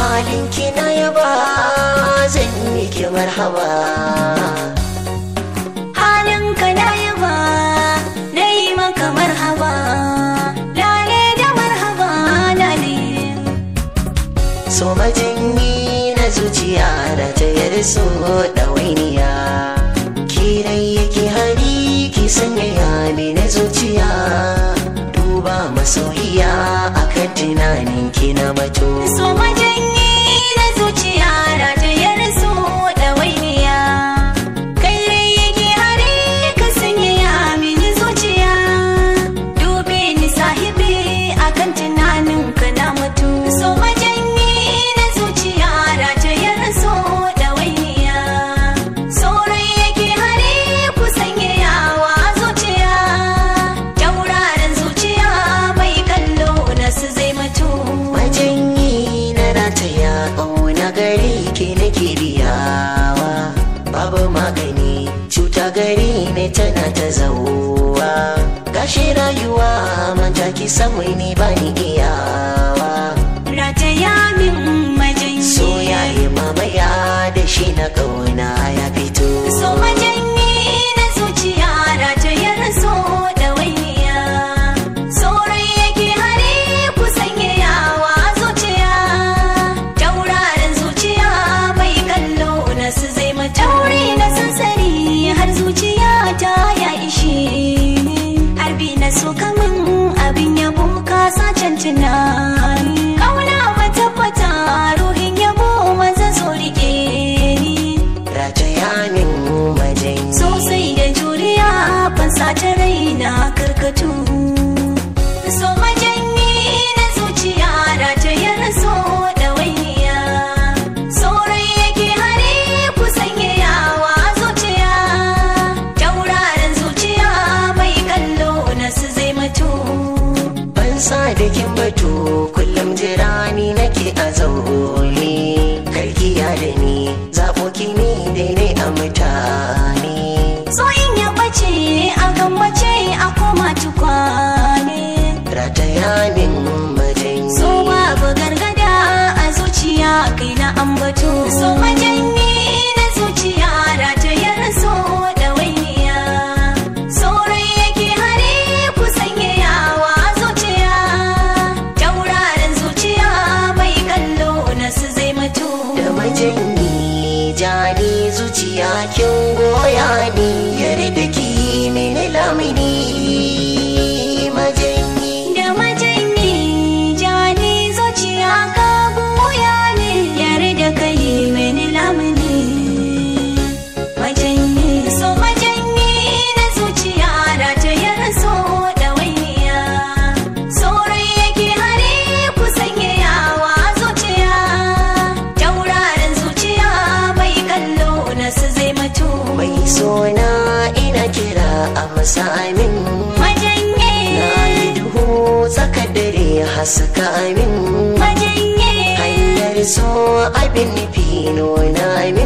halin ki na yaba zan yi ki marhaba Halinka ka na yaba na yi maka marhaba lale da marhaba lale so majin na zuciya da ta yarso tunanin ki na bato so majanye ne tana ta zauwa gashi rayuwa mataki samu ni bani iya too. So fasa amin majanye na yi duhu tsaka dare haska amin majanye hanyar so abin nufi nuna amin